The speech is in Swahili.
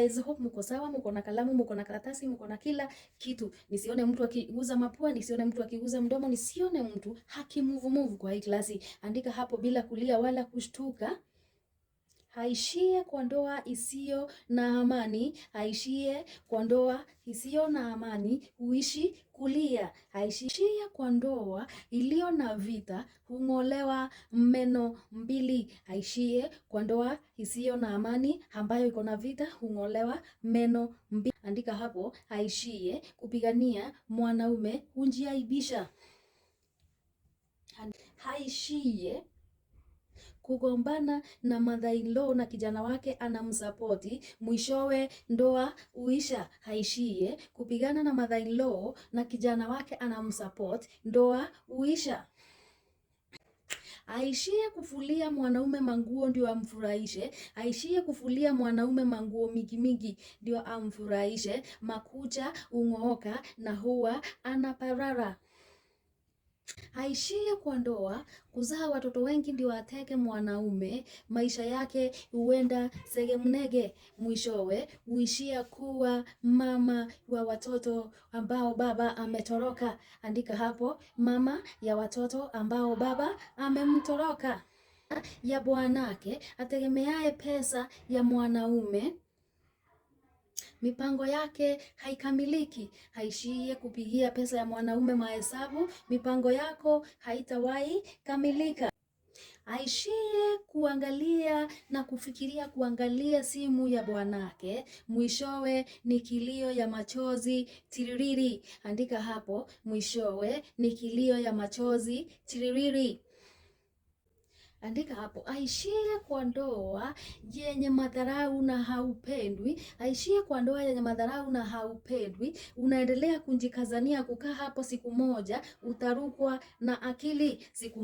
guys, hope oh, mko sawa, mko na kalamu, mko na karatasi, mko na kila kitu. Nisione mtu akiguza mapua, nisione mtu akiguza mdomo, nisione mtu hakimuvumuvu kwa hii klasi. Andika hapo bila kulia wala kushtuka haishie kwa ndoa isiyo na amani, haishie kwa ndoa isiyo na amani, huishi kulia. Haishie kwa ndoa iliyo na vita, hung'olewa meno mbili. Haishie kwa ndoa isiyo na amani, ambayo iko na vita, hung'olewa meno mbili. Andika hapo, haishie kupigania mwanaume, hujiaibisha. Haishie kugombana na mother-in-law na kijana wake anamsapoti, mwishowe ndoa uisha haishie. Kupigana na mother-in-law na kijana wake anamsupport, ndoa uisha aishie kufulia mwanaume manguo ndio amfurahishe, aishie kufulia mwanaume manguo mingi mingi ndio amfurahishe. Makucha ung'ooka na huwa anaparara. Aishie kwa ndoa, kuzaa watoto wengi ndio ateke mwanaume, maisha yake huenda segemnege, mwishowe huishia kuwa mama wa watoto ambao baba ametoroka. Andika hapo, mama ya watoto ambao baba amemtoroka, ya bwanake ategemeaye pesa ya mwanaume mipango yake haikamiliki, haishie kupigia pesa ya mwanaume mahesabu. Mipango yako haitawahi kamilika. Aishie kuangalia na kufikiria kuangalia simu ya bwanake, mwishowe ni kilio ya machozi tiririri. Andika hapo, mwishowe ni kilio ya machozi tiririri. Andika hapo, aishie kwa ndoa yenye madharau na haupendwi. Aishie kwa ndoa yenye madharau na haupendwi. Unaendelea kunjikazania kukaa hapo, siku moja utarukwa na akili siku